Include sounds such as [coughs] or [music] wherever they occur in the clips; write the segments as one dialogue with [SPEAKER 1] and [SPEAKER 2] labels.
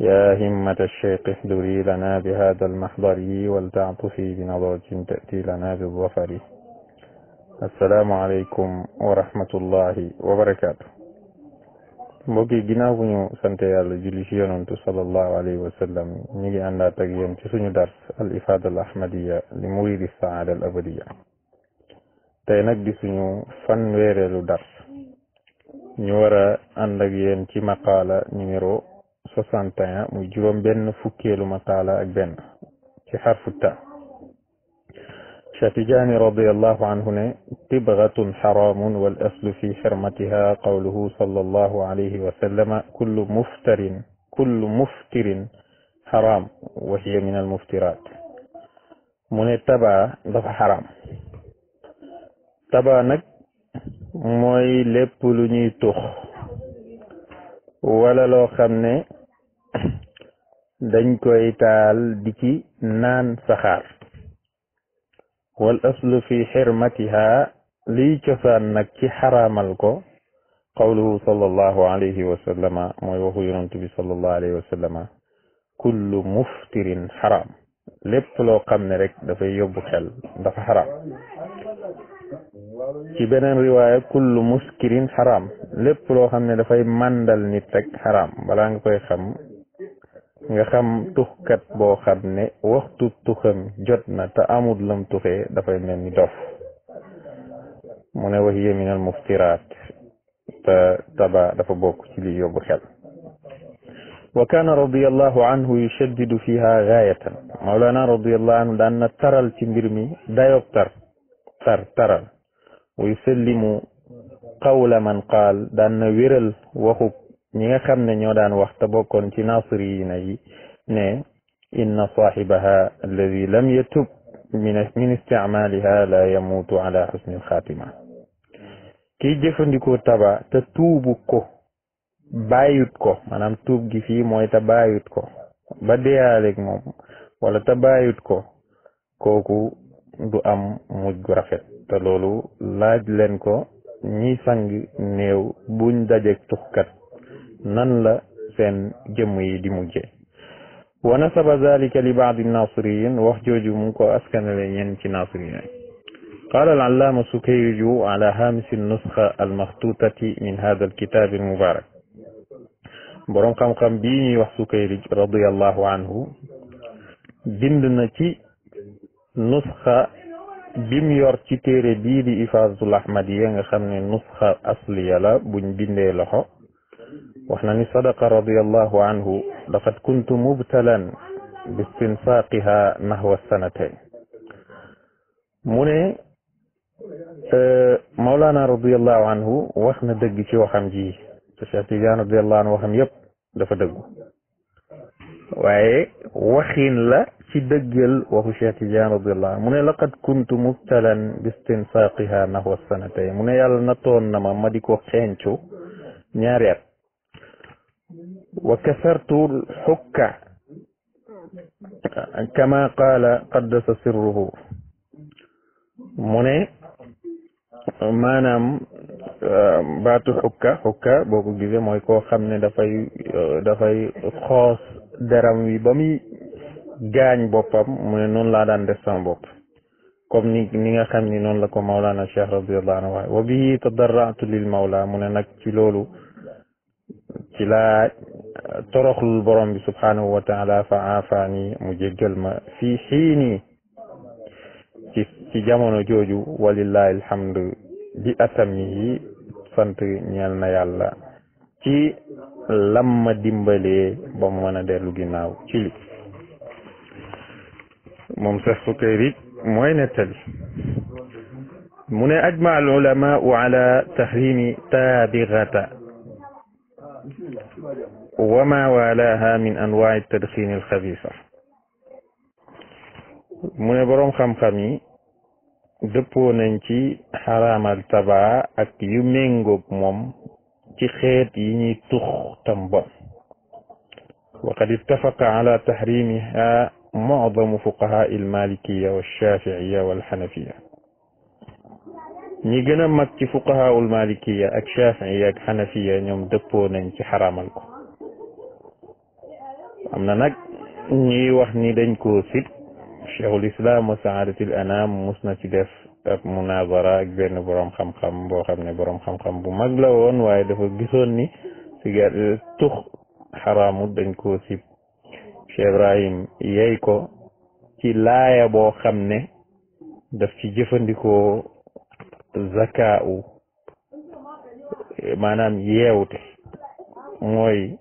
[SPEAKER 1] يا همة الشيخ احذري لنا بهذا المحضر ولتعطفي بنظرة تأتي لنا بالظفر السلام عليكم ورحمة الله وبركاته mbokki ginaaw bu ñu sante yàlla julli ci yonantu sallallahu alayhi wa sallam ñu ngi àndaat ak yéen ci suñu dars al ifada al ahmadiya li muridi saada al abadiya tey nag di suñu fan fanweereelu dars ñu war a ànd ak yéen ci maqaala numéro soixante muy juróom benn fukkeelu mataala ak benn ci xarfu ta شاتجاني رضي الله عنه تبغة حرام والأصل في حرمتها قوله صلى الله عليه وسلم كل مفتر كل مفتر حرام وهي من المفترات من تبع دفع حرام تبع نك موي لب توخ ولا لو خمني dañ koy taal di ci naan saxaar wal aslu fi xirmatiha liy cosaan nag ci xaraamal ko qawluhu sallallahu alayhi wa mooy waxu yonent bi sallallahu alayhi wa sallama kullu muftirin xaraam lépp loo xam ne rek dafay yóbbu xel dafa xaraam ci beneen riwaaya kullu muskirin xaraam lépp loo xam ne dafay màndal nit rek xaraam koy xam nga xam tuxkat boo xam ne waxtu tuxam jot na te amul lam tuxee dafay mel ni dof mu ne waxiya min al muftirat te taba dafa bokk ci li yóbbu xel wa kana radiallahu anhu yushaddidu fiha gaayatan maulana radiallahu anhu daan na taral ci mbir mi dayob tar tar taral wa yusallimu qawla man qaal daan na wéral waxub ñi nga xam ne ñoo daan wax te bokkoon ci nasiriyina yi ne inna saaxibaha alladi lam yatub min min la yamuutu ala xusni xaatima kiy jëfandikoo taba te tuubu ko bàyyut tuub gi fii mooy te bàyyut ko ba deyaaleeg moom wala te bàyyut ko kooku du am mujj rafet te loolu laaj leen ko ñi sang néew buñ dajek tuxkat nan la seen jëmm yi di mujje wa nasaba zalika li baadi nasiriyin wax jooju mu ngi ko ci قال العلامة سكيرج على هامش النسخة المخطوطة من هذا الكتاب المبارك بروم خم خم بيني وح رضي الله عنه بندنا تي نسخة بيم يور تي تيري بي دي إفاظ الأحمدية خم نسخة أصلية لا بن بندي لخو وحنا نصدق رضي الله عنه لقد كنت مبتلا باستنفاقها نحو السنتين من آه، مولانا رضي الله عنه وحنا دقي شو حمجي تشاتي جان رضي الله عنه وحم يب دفا دقو وعي وخين لا شي دقل وهو شاتي جان رضي الله عنه من لقد كنت مبتلا باستنفاقها نحو السنتين من يالنا طون نما مديكو خينشو نياريك wa kasartu xukka kama qaala qaddasa sirruhu mu ne maanaam baatu xukka xukka boo ko mooy koo xam ne dafay dafay xoos deram wi ba muy gaañ boppam mu ne noonu laa daan def sama bopp kom ni ni nga xam ni noonu la ko Mawlana Cheikh radiallahu anhu waaye wa bihi tadarratu lil Mawla mu ne nag ci loolu toroxlul borom bi subhanahu wa taala fa aafaani mu jéggal ma fii xiini ci ci jamono jooju walillahi alhamdu bi atam yi sant ñeel na yàlla ci lam ma dimbalee ba mu mën a dellu ginnaaw ci li moom sax Sukayri mooy nettali mu ne ajma al ulamaau ala tahrimi taabirata وما والاها من انواع التدخين الخبيثه من بروم خم خمي دبو نانتي حرام التبع اك يمنغوك موم تي خيت يني توخ تمبون وقد اتفق على تحريمها معظم فقهاء المالكية والشافعية والحنفية ني جنا مك فقهاء المالكية اك شافعية اك حنفية نيوم دبو نانتي حرام الكو am na nag ñi wax ni dañ ko sit cheikhul islam wa saadatil anam mus na ci def ab munazara ak benn borom xam-xam boo xam ne borom xam-xam bu mag la woon waaye dafa gisoon ni sigar tux xaraamu dañ ko sib cheikh ko ci laaya boo xam ne daf ci jëfandikoo zakau maanaam yeewte mooy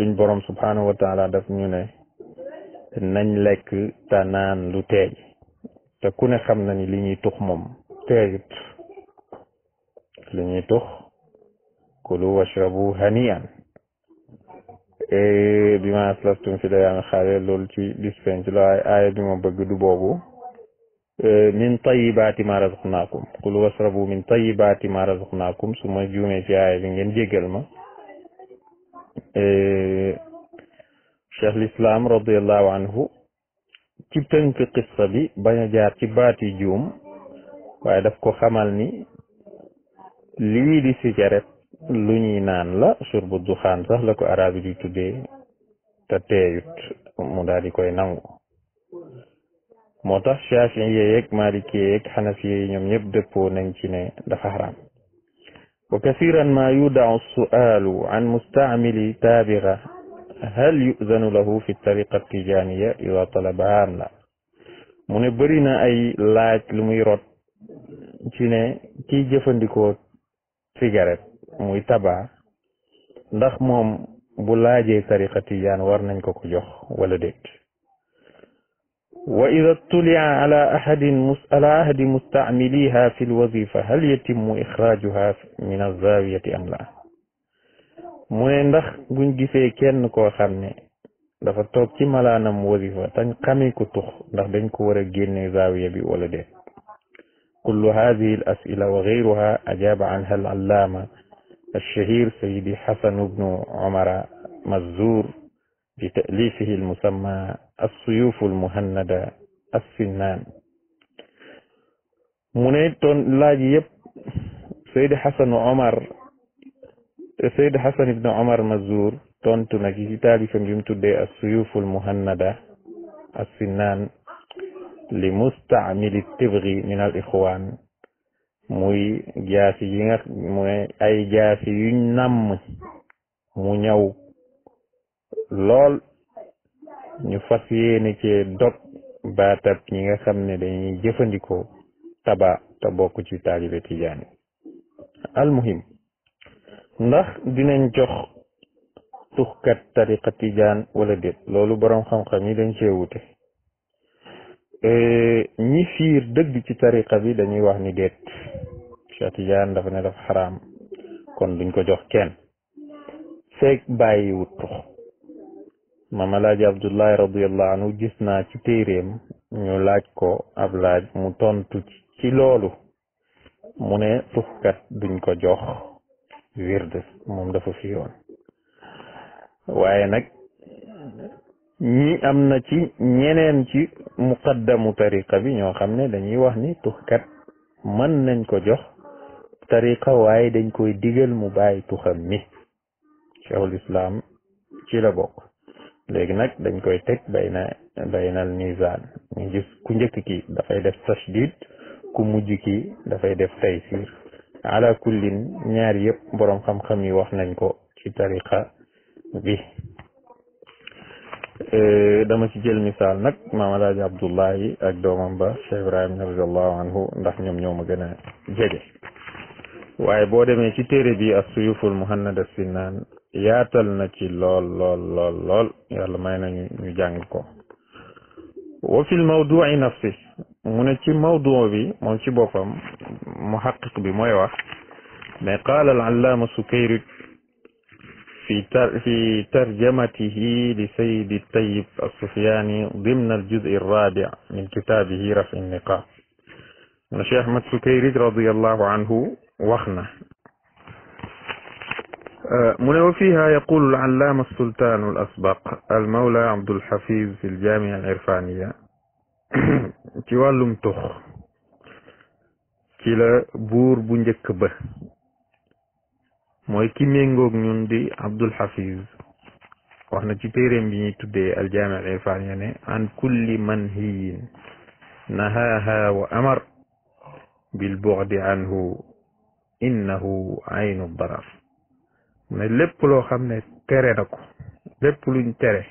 [SPEAKER 1] suñ borom subhanahu wa taala daf ñu ne nañ lekk te lu teey te ku ne xam nañ li ñuy tux moom teeyut li ñuy tux kulu washrabu hanian e, bi ma aslaftum fi layami xaale loolu ci dispenc la waaye aaya bi ma bëgg du boobu e, min tayibaati ma razaqnaakum kulu washrabu min tayibaati ma razaqnaakum su ma juumee ci aaya bi ngeen jéggal ma Eh, cheikh lislaam radiallahu anhu ci tënk qissa bi bañ jaar ci baati juum waaye daf ko xamal ni lii di cigarette lu ñuy naan la surbu duxaan sax la ko arab yi di tuddee te teeyut mu daal di koy nangu moo tax shafiye yeeg malikiye yeeg xanafiye ñoom ñëpp dëppoo nañ ci ne dafa xaraam وكثيرا ما يدع السؤال عن مستعمل تابغة هل يؤذن له في الطريقة التجانية إذا طلبها أم لا منبرينا أي لايك لميرات جيني كي جفن ديكو سيجارت موي تبع ndax mom bu laaje sarixati yaan war وإذا اطلع على أحد على أحد مستعمليها في الوظيفة هل يتم إخراجها من الزاوية أم لا mu ne ndax buñ gisee كو koo xam ne dafa toog ci malaanam wasifa tañ xamee ko tux ndax dañ ko war a génne zaawiya bi كل هذه الأسئلة وغيرها أجاب عنها العلامة الشهير سيدي حسن بن عمر مزور بتأليفه المسمى as-suyufu al-muhannada as-sinnaan mu ne toon laaj yëpp Seyd Xasan Omar Seyd Xasan ibn Omar Mazur tontu na ci taalifam bi mu tuddee as-suyufu al-muhannada as-sinnaan li mustaamili tibri min al ixwaan muy jaasi yi nga mu ñaw lool ñu fas yéene cee dog baatab ñi nga xam ne dañuy jëfandikoo taba te bokk ci taalibe tijaani almuhim ndax dinañ jox tuxkat tariqa tijaan wala déet loolu boroom xam-xam yi dañ cee wute e, ñi fiir dëgg ci tariqa bi dañuy wax ni déet Cheikh Tijaan dafa ne dafa xaraam kon duñ ko jox kenn feeg bàyyiwut tux maam alaaji abdullahi radiallahu anhu gis naa ci téereem ñu laaj ko ab laaj mu tontu ci loolu mu ne tufkat duñ ko jox wird moom dafa fiyoon waaye nag ñi am na ci ñeneen ci muqaddamu tariqa bi ñoo xam ne dañuy wax ni tuxkat mën nañ ko jox tariqa waaye dañ koy digal mu bàyyi tuxam mi cheikhul islam ci la bokk léegi nag dañ koy teg bayna baynal mizan ñu gis ku njëkk ki dafay def tashdid ku mujj ki dafay def taysir ala kullin ñaar yëpp boroom xam-xam yi wax nañ ko ci tariqa bi euh, dama ci jël misaal nag maam alaaji ak doomam ba cheikh ibrahim radiallahu anhu ndax ñoom ñoo ma gën a jege waaye boo demee ci téere bi as suyuful muhannada sinnaan yaatal na ci lol lol lol lol yàlla may na ñu jàng ko wa fil mawdu'i nafsi mu ne ci mawdu bi mo ci boppam muhaqqiq bi moy wax mais qala al allama sukayr fi tar fi tarjamatihi li sayyid sayidi tayib as-sufyaani ضمن الجزء الرابع من كتابه رفع النقاب mu ne Cheikh Ahmad Sukayri radiyallahu anhu wax na آه، منو فيها يقول العلامة السلطان الأسبق المولى عبد الحفيظ في الجامعة العرفانية تيوالوم توخ كلا بور بنجك به موي كي مينغوك نون عبد الحفيظ واخنا تي تيريم بي الجامع العرفاني عن كل منهي نهاها وامر بالبعد عنه انه عين الضرر ne lépp loo xam ne tere na ko lépp luñ tere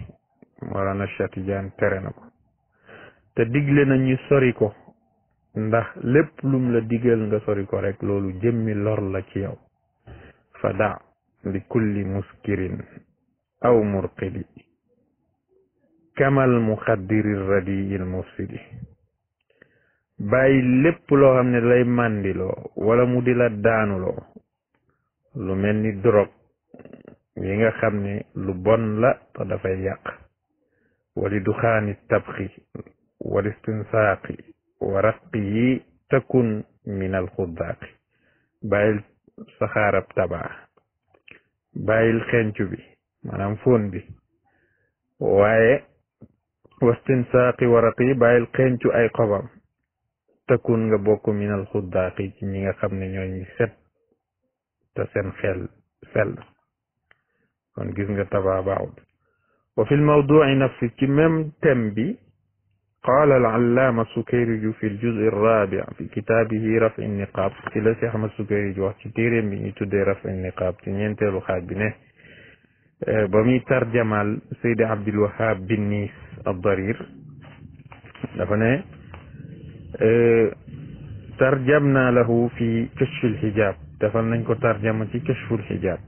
[SPEAKER 1] Mawlana Cheikh Tidiane tere na ko te digle na ñu sori ko ndax lépp lum la digal nga sori ko rek loolu jëmmi lor la ci yow fa da li kulli muskirin aw murqidi kamal muxaddiri radii il mufsidi bàyyi lépp loo xam ne lay màndiloo wala mu di la daanuloo lu mel ni drogue yi nga xam ni lu bon la te dafay yàq wali duxaani tabxi wali istinsaaqi wa rasqi yi takun min al xuddaaqi bàyyil saxaarab tabaa bàyyil xencu bi maanaam fóon bi waaye wastinsaaqi waraqi bàyyil xencu ay xobam takun nga bokk min al xuddaaqi ci ñi nga xam ne ñooñu set te seen xel fel kon gis nga tabaaba'ud wa fi lmawduci nafsi ci même thème bi qaala al-allaama Sukayrij fi al-juz' ar-raabi' fi kitaabihi raf an-niqaab ci la Cheikh Ahmad Sukayrij wax ci téeréem bi ñu tuddee raf an-niqaab ci ñeenteelu xaaj bi ne ba muy tarjamal Seydi Abdul Wahab bin nis ad-Darir dafa ne tarjamna lahu fi kashfil hijaab defal nañ ko tarjama ci kashful hijaab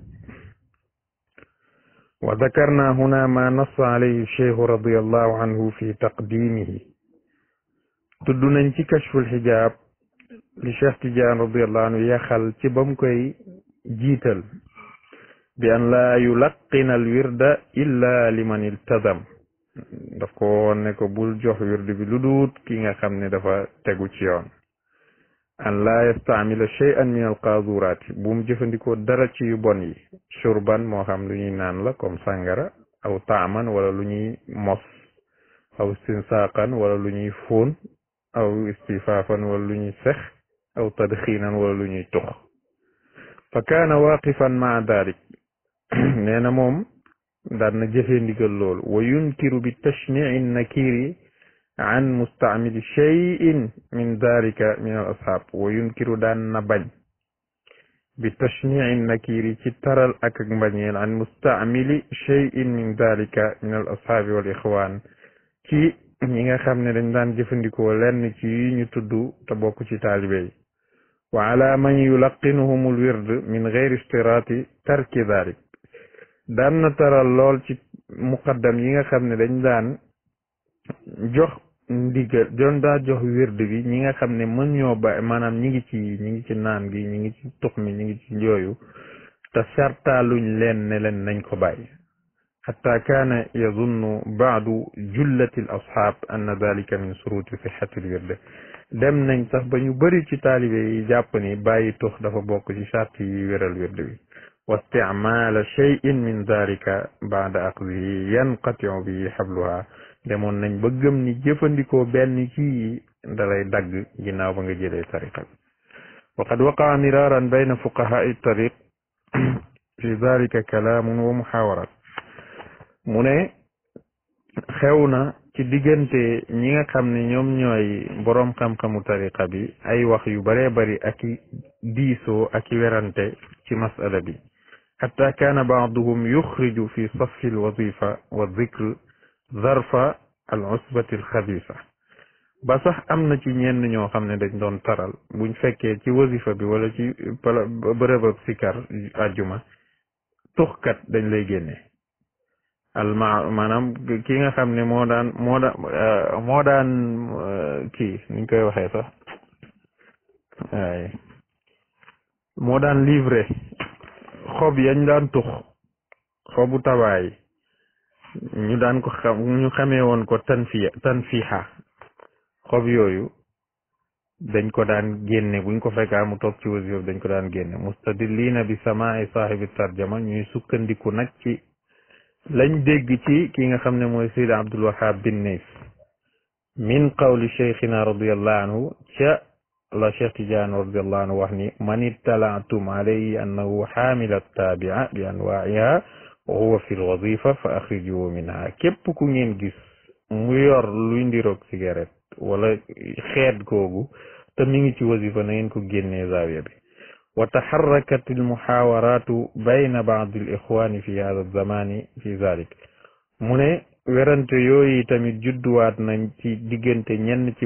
[SPEAKER 1] wa dakarna huna ma nassa alayhi cheikhu radiallahu anhu fi taqdimihi tudd nañ ci kashful xijaab li cheikh tidiane radiallahu anhu yaxal ci bam koy jiital bi an laa yulaqina al wirda illa liman iltazam daf ne ko bul jox wird bi lu duut ki nga xam ne dafa tegu ci yoon أن لا يستعمل شيئا من القاذورات بوم جفنديكو دارا تي يوبوني شربان مو خام لوني نان لا كوم سانغارا او طعما ولا لوني مص او استنساقا ولا لوني فون او استفافا ولا لوني سخ او تدخينا ولا لوني تخ فكان واقفا مع ذلك [clears throat] نانا موم دارنا جفنديكو اللول وينكر بالتشنيع النكيري عن مستعمل شيء من ذلك من الأصحاب وينكر دان نبن بتشنيع النكير تترى الأكبرين عن مستعمل شيء من ذلك من الأصحاب والإخوان كي ñi nga xam ne dañ daan jëfandikoo lenn ci yi ñu tudd te bokk ci taalibe yi wa ala man yulaqinuhum alwird min geyri istiraati tarki dalik daan na taral lool ci muqaddam yi nga xam ne dañ daan jox ndigal doon jox wird bi ñi nga xam ne mën ñoo ba maanaam ñi ngi ci ñi ngi ci naan gi ñi ngi ci tux mi ñi ngi ci te sartaaluñ leen ne leen ko bàyyi xatta kaana yazunnu baadu jullati l asxaab anna dalika min suruti sixati l wird dem nañ sax ba ñu bëri ci taalibe yi jàpp ni bàyyi tux dafa bokk ci sart bi wa xabluha demoon nañ ba gëm ni jëfandikoo benn kii dalay dagg ginnaaw ba nga jëlee tariqa bi wa qad waqaa miraaran bayna fuqahaai tariq fi dalika kalaamun wa muxaawarat mu ne xew na ci diggante ñi nga xam ne ñoom ñooy boroom xam-xamu tariqa bi ay wax yu baree bari ak i diisoo ak werante ci masala bi xatta kaana baaduhum yuxriju fi safi alwazifa wa dikr zarfa al usbati al xabisa ba sax am na ci ñenn ñoo xam ne dañ doon taral buñ fekkee ci wasifa bi wala ci bërëb ab sikar àjjuma tuxkat dañ lay génne alma maanaam ki nga xam ne moo daan moo daan euh, moo daan euh, kii nuñ koy waxee sax waaye moo daan livre xob yañ daan tux xobu tabaay ñu daan ko xam ñu xamee woon ko tanfiya tanfiha yooyu dañ ko daan génne buñ ko fekkaa mu toog ci wasifa dañ ko daan génne mustadillina bi samaai saahibi tarjama ñuy sukkandiku nag ci lañ dégg ci ki nga xam ne mooy sayd abdul wahab bin neef min qawli cheikhina radiallahu anhu ca la cheikh tidiane radiallahu anhu wax ni man ittalaatum alayhi annahu xaamila taabia bi anwaaiha وهو في الوظيفة فأخرجوا منها كيف كونين جس مير لويندي روك سيجارت ولا خير جوجو تمين تي وظيفة نينكو كوجين زاوية بي وتحركت المحاورات بين بعض الإخوان في هذا الزمان في ذلك من ورنت يوي تمي جدوات نانتي ديجنت نين تي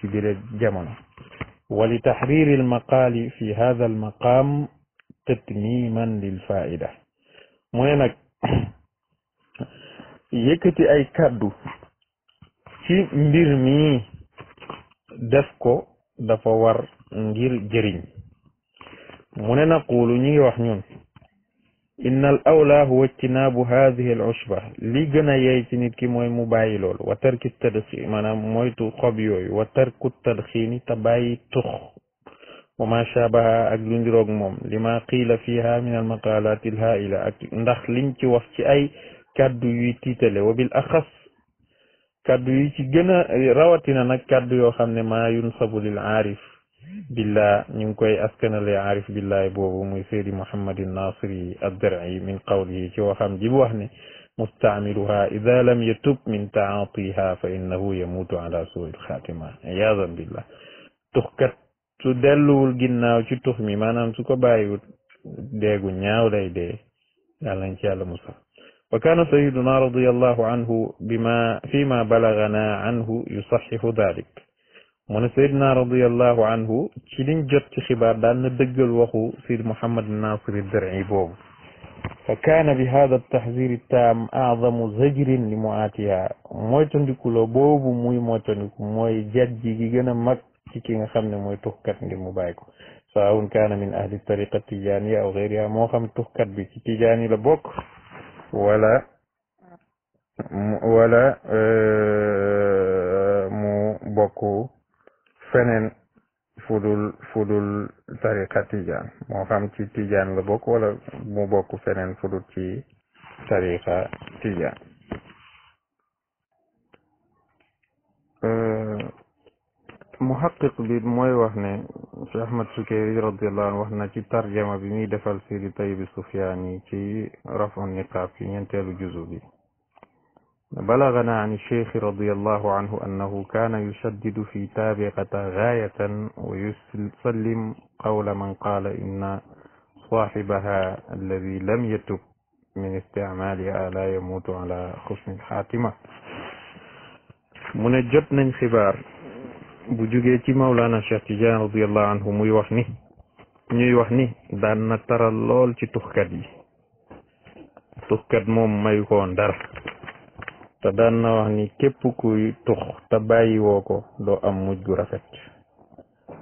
[SPEAKER 1] تي دير جامونو ولتحرير المقال في هذا المقام تتميما للفائده moy nak yekati ay kàddu ci mbir mi def ko dafa war ngir jëriñ muné na qulu ñi wax ñun innal awla huwa ijtinaabu hadhihi al ushba li gëna yey ci nit ki moy mu bàyyi lool wa tarki tadsi manam moytu xob yoy wa tarku tadkhini te bàyyi وما شابه أجلن رغمهم لما قيل فيها من المقالات الهائلة ندخ لنك وفك أي كادو يتيتل وبالأخص كادو يتيجن روتنا نكادو يخمن ما ينصب للعارف بالله كوي أسكن للعارف بالله بوه ومسير محمد الناصري الدرعي من قوله كوخم جبوهن مستعملها إذا لم يتوب من تعاطيها فإنه يموت على سوء الخاتمة عياذا بالله تخكت su delluwul ginnaaw ci tux mi maanaam su ko bàyyiwut deegu ñaaw lay dee yàllañ ci yàlla musa wa kaana sayiduna radiallahu anhu bima fi ma balagana anhu yusaxifu dalik mu ne sayiduna radiallahu anhu ci liñ jot ci xibaar daan na dëggal waxu sayd muhammad nasir dari boobu fa kaana bi hada taxzir taam aadamu zajrin li muaatiha mooy tandikuloo boobu muy mooy tandiku mooy jajji gi gën a mag ci ki nga xam ne mooy tuxkat ngir mu bàyyi ko saawun kaana min ahli tariqa tijaniya aw gayriha moo xam tuxkat bi ci tijaani la bokk wala wala euh, mu bokk feneen fudul fudul tariqa tijaan moo xam ci tijaan la bokk wala mu bokk feneen fudul ci tariqa tijaan euh, محقق بي موي واخني شيخ احمد سكيري رضي الله عنه واخنا شي ترجمه بي مي دفال سيري طيب السفياني في رفع النقاب في ينتهي جزوبي بلغنا عن الشيخ رضي الله عنه انه كان يشدد في تابقه غايه ويسلم قول من قال ان صاحبها الذي لم يتب من استعمالها لا يموت على حسن الخاتمه من جبن خبار bu jugee ci Mawlana Cheikh Tidiane radiallahu anhu muy wax ni ñuy wax ni daan na taral lool ci tuxkat yi tuxkat moom mayu ko dara te daan na wax ni képp kuy tux te bàyyi ko doo am mujj gu rafet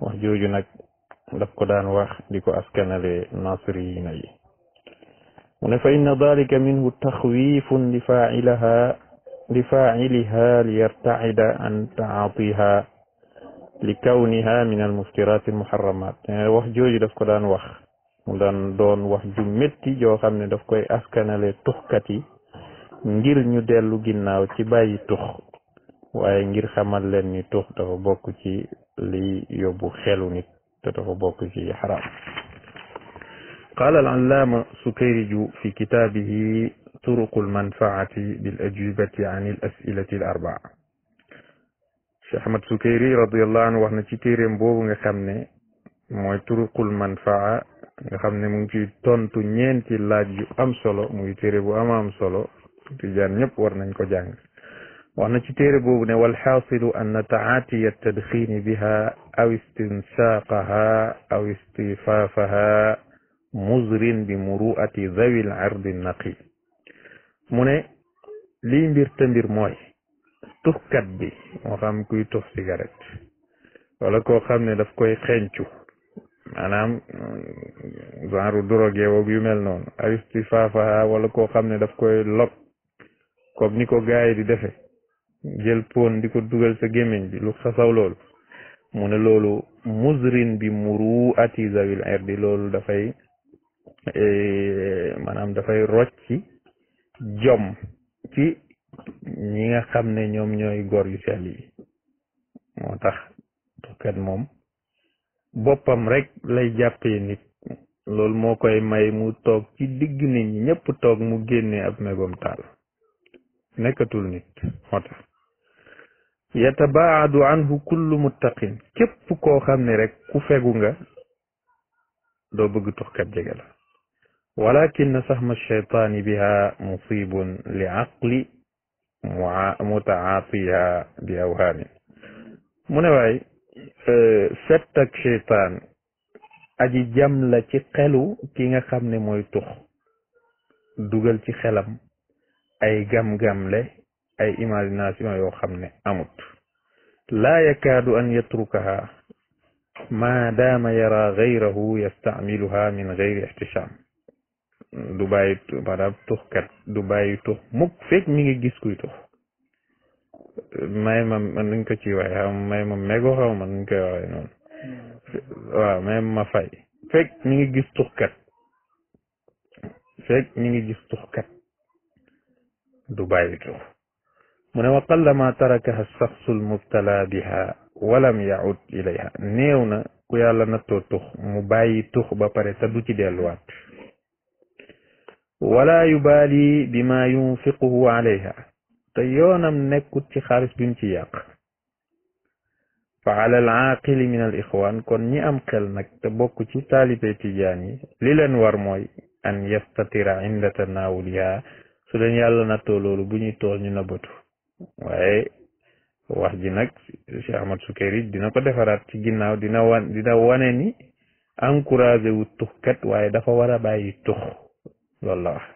[SPEAKER 1] wax jooju nag daf ko daan wax di ko askanale nasiriyina yi mu ne fa inna dalika minhu taxwifun li faailaha li faailiha an taatiha لكونها من المسكرات المحرمات يعني واخ دان واخ مول دون واخ جو متي جو خامني داف كوي توخكاتي ngir ñu delu ginnaw ci bayyi tux waye ngir xamal len ni tux dafa bok ci li yobbu xelu nit te dafa bok ci haram قال العلامة سكيرج في كتابه طرق المنفعة بالأجوبة عن الأسئلة الأربعة Cheikh Ahmad Sukayri radiyallahu anhu wax na ci téeréem boobu nga xamne moy turuqul manfaa nga xamne mu ngi ci tontu ñenti laaj yu am solo muy téré bu am am solo jaar ñep war nañ ko jàng wax na ci téere boobu ne walxaasilu an ta'ati at tadkhin biha aw istinsaqaha aw istifafaha muzrin bi muruati dhawil 'ard an naqi mu ne lii mbir te mbir moy tuxkat bi moo xam kuy tux cigarette wala koo xam ne daf koy xencu maanaam mm, genre drogue woog yu mel noonu aristi faafaha wala koo xam ne daf koy log comme ni ko gaay di defe jël pon di ko dugal sa gémmiñ bi lu xasaw loolu mu ne loolu musrin bi muru ati zawil erdi loolu dafay eh, maanaam dafay rocci jom ci ñi nga xam ne ñoom ñooy góor yu sell yi moo tax tukkat moom boppam rek lay jàppee nit loolu moo koy may mu toog ci digg nit ñi ñëpp toog mu génnee ab megom taal nekkatul nit moo tax yatabaadu anhu kullu muttaqin képp koo xam ne rek ku fegu nga doo bëgg tuxkat jege la walakin sahma bi biha musibun li aqli متعاطيها بأوهام من واي آه، ستك شيطان أجي جملة قلو كي نخمني موي تخ دوغل تي خلم أي جم جملة أي إمالناسي ما يخمني أموت لا يكاد أن يتركها ما دام يرى غيره يستعملها من غير احتشام du bàyyi maanaam tuxkat du bàyyi tux mukk fekk mi ngi gis kuy tux may ma man nuñ ko ci waaye xaw ma may ma koy waxee noonu waaw fay fekk mi ngi gis tuxkat fekk mi ngi gis tuxkat du bàyyi tux mu ne wa qallama tarakaha saxsu lmubtala biha walam yaud ilayha néew na ku yàlla nattoo tux mu bàyyi tux ba pare te du ci delluwaat wala yubaali bi ma yunfiquhu alayha te yoonam nekkut ci xaalis bi mu ci yàq fa ala al aaqili min al kon ñi am xel nag te bokk ci taalibe tijaan yi li leen war mooy an yastatira inda tanaawuliha su leen yàlla nattoo loolu bu ñuy tool ñu nabatu waaye wax ji nag Cheikh Ahmad Sukayri dina ko defaraat ci ginnaaw dina wan dina wane ni encouragé wu dafa war a bàyyi loolu la wax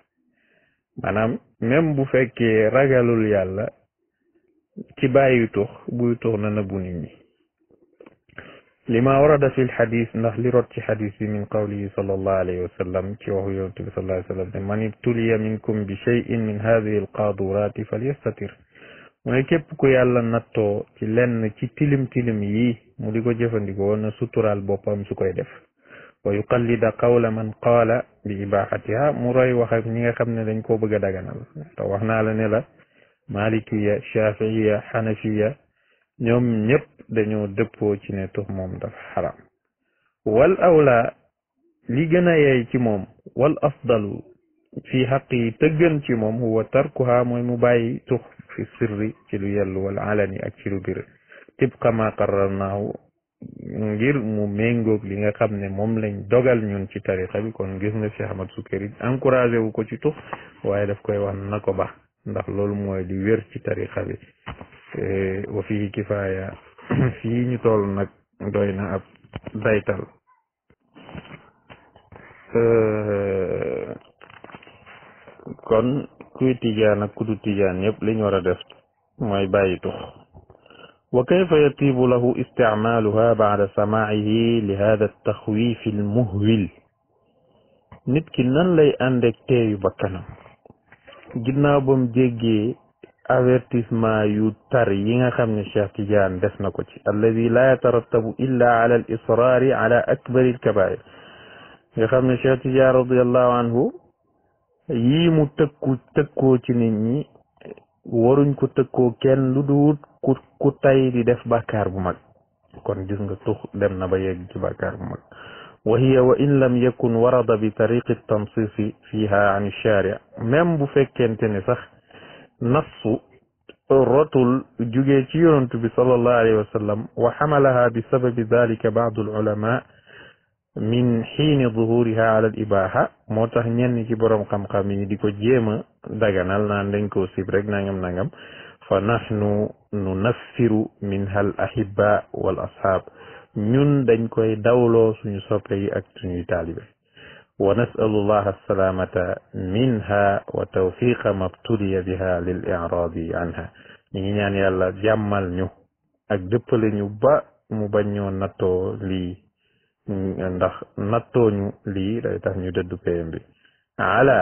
[SPEAKER 1] maanaam même bu fekkee ragalul yàlla ci bàyyi tux na nëbbu nit ñi li ma warada fi ndax li rot ci xadis bi min qawlihi sallallahu alayhi ci waxu yonent bi sallallahu alayhi wa sallam ne man ibtuliya minkum bi cheyin min hadihi alqaaduraati falyastatir mu ne képp ku yàlla nattoo ci lenn ci tilim tilim yi mu di ko jëfandikoo na suturaal boppam su koy def ويقلد قول من قال بإباحتها مراي وخف نيغا خامن دا نكو بغا داغانال تا واخنا لا نلا مالكية شافعية حنفية نيوم نيب دانيو ديبو سي ني توخ موم دا حرام والاولى لي غنا ياي سي موم والافضل في حقي تغن سي موم هو تركها موي مباي توخ في السر سي لو يلو والعلني اكثر بر تبقى ما قررناه ngir mu méngoog li nga xam ne moom lañ dogal ñun ci tarixa bi kon gis na Cheikh Ahmad Sukari encouragé wu ko ci tux waaye daf koy wax na ko ba ndax loolu mooy di wér ci tarixa bi e, wa fii kifaaya [coughs] fii ñu toll nag doy na ab daytal e, kon kuy tijaan ak kudu tijaan yëpp li ñu war a def mooy bàyyi tux وكيف يطيب له استعمالها بعد سماعه لهذا التخويف المهول نتكي نان لي عندك تيو بكنا جنا بوم ديجي avertissement يو تار ييغا خامن شيخ تيجان الذي لا يترتب الا على الاصرار على اكبر الكبائر يا خامن رضي الله عنه يي مو تكو تكو waruñ ko tëkkoo kenn lu duut ku ku tay di def bàkkaar bu mag kon gis nga tux dem na ba yegg ci bàkkaar bu mag wa hiya wa in lam yakun warada bi tariqi tansisi fiha an sharia même bu fekkente ne sax nassu rotul jugee ci yonent bi sallallahu alayhi wa sallam wa xamalaha bi sababi dalika baadu al ulama min xiini zuhuriha ala al ibaha moo tax ñenn ci borom xam-xam yi di ko jéem a nal naan dañ koo sib rek nangam nangam fa nahnu nunaffiru minha al ahibba wal ashaab ñun dañ koy dawloo suñu soppe yi ak suñuy taalibe wa nasalu llah alsalamata minha wa tawfiqa mabtuliya biha lil iradi anha ñu ngi ñaan yàlla jàmmal ñu ak dëppale ñu ba mu bañ ñoo nattoo lii ndax natoñu li day tax ñu dëddu payam bi ala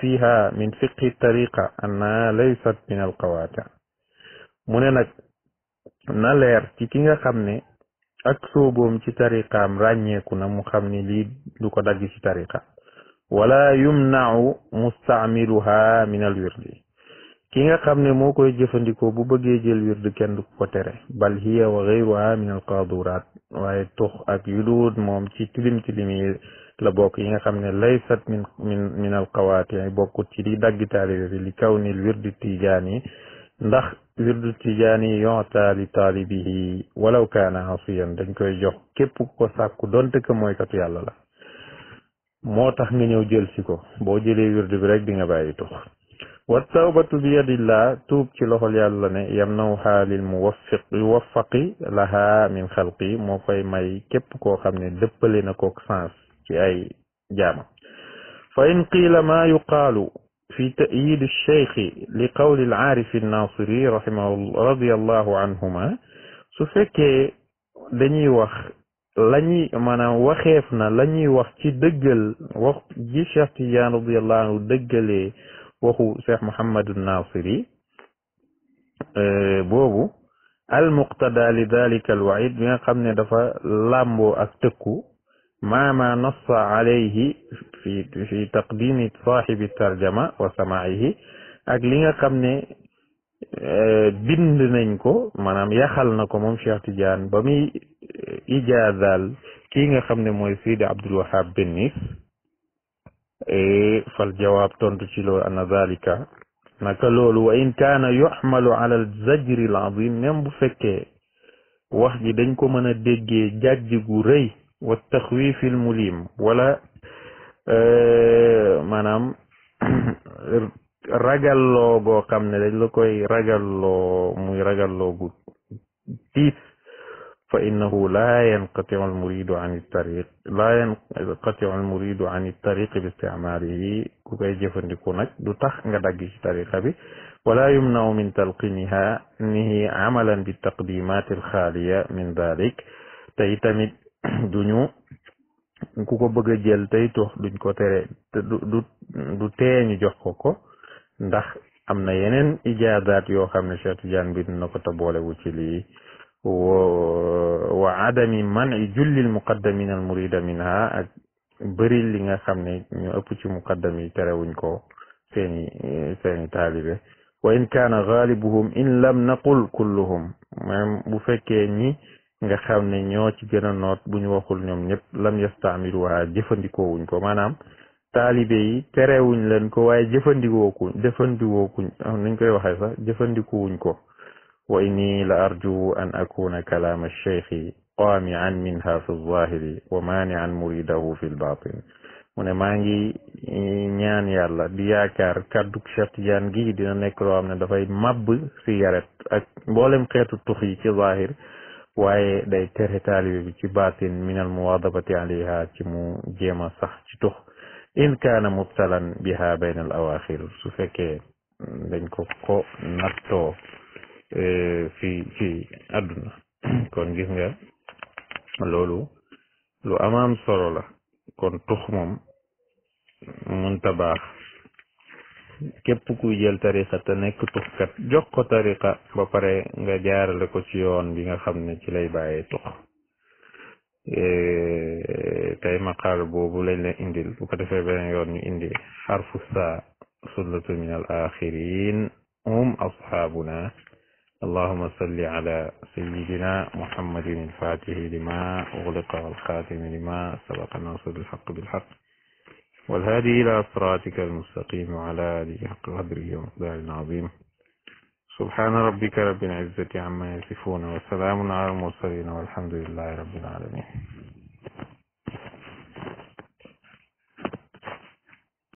[SPEAKER 1] fiha min يتعين at-tariqa anna laysat min al-qawati mune nak na leer ci ki nga xamne ak soobom ci tariqaam ràññeeku na mu xam li du ko dagg ci tariqa wala yumnau mustamiluha min al-wirdi ki nga xam ne moo koy jëfandikoo bu bëggee jël wird kenn du ko tere bal hiya wa gayruha min al waaye tux ak yu moom ci tilim tilim la bokk yi nga xam ne laysat min min min al ci di daggi taalibe bi li kawni wirdu tijaani ndax wirdu tijaani yonta li taalibihi walaw kaana asiyan dañ koy jox képp ko sàkku donte que mooy katu yàlla la moo tax nga ñëw jël si ko boo jëlee wirdu bi rek di nga bàyyi tux والتوبة بيد الله توب كله ليالنا يمنوها للموفق يوفق لها من خلقي موكي ماي كيب كو خمني دبلين كوك سانس في أي جامع فإن قيل ما يقال في تأييد الشيخ لقول العارف الناصري رحمه الله رضي الله عنهما سفك دني وخ لني مانا وخيفنا لني وخ تي دجل وخ جي شيخ رضي الله عنه دجلي وهو شيخ محمد الناصري بوبو المقتدى لذلك الوعيد من قبل دفع لامبو أكتكو ما ما نص عليه في في تقديم صاحب الترجمة وسماعه أجلنا قبل بند نينكو منام يخل نكو مم شيخ جان بمي إجازال كينا خمني موسيد عبد الوهاب بن نيس Eh, fal jawaab tontu ci loolu ana zalika naka loolu wa in kaana yuxmalu ala al zajri al azim même bu fekkee wax ji dañ ko mën a déggee jàjj gu rëy wa taxwiifi al mulim wala eh, maanaam [clears throat] ragalloo goo xam ne dañ la koy ragalloo muy ragalloo gu tiit fa innahu laa yanqatiu almuridu an tariq laa yanqatiu almuridu an tariq bi isticmaalihi ku koy jëfandiku nag du tax nga dagg ci tariqa bi wala yumnau min talqiniha nihi amalan bi taqdimat alxaaliya min dalik tey tamit [clears throat] duñu ku ko bëgg a jël tey tux duñ ko tere du du du jox ko ko ndax am na yeneen ijaazaat yoo xam ne Cheikh Tidiane bi dina ko te boolewu ci lii وعدم منع جل المقدمين المريد منها بري ak bëri li nga xam ne ñu ëpp ci muqaddam yi terewuñ ko seeni seeni taalibe wa in kaana galibuhum in lam naqul nga xamne ne ñoo ci gëna a noot bu ñu waxul ñom ñëpp lam yastamiru wa jëfëndiko wuñ ko manam talibé yi téré wuñ leen ko waaye jëfëndiko wuñ jëfandikoo wuñ nañ koy waxe sax jëfëndiko wuñ ko وإني لأرجو أن أكون كلام الشيخ قامعا منها في الظاهر ومانعا مريده في الباطن mu ne maa ngi ñaan yàlla di yaakaar kaddu Cheikh Tidiane gii dina nekk loo xam ne dafay màbb cigarette ak mboolem xeetu tux yi ci zahir waaye day tere taalibe bi ci baatin min al muwadabati alayha ci mu jéem a sax ci tux in kaana mubtalan biha bayn al awaxir su fekkee dañ ko ko nattoo fi ci aduna kon gis nga lolu lu amam solo la kon tux mom mun tabax kep ku jël tariqa ta nek tux kat jox ko tariqa ba pare nga jaarale ko ci yoon bi nga xamne ci lay baye tux tey maqaal boobu lañ la indil bu ko defé beneen yoon ñu indi harfu sa sunnatu min al akhirin hum asxaabuna اللهم صل على سيدنا محمد الفاتح لما أغلق والخاتم لما سبق ناصر الحق بالحق والهادي إلى صراطك المستقيم وعلى آله حق قدره ومقدار العظيم سبحان ربك رب العزة عما يصفون وسلام على المرسلين والحمد لله رب العالمين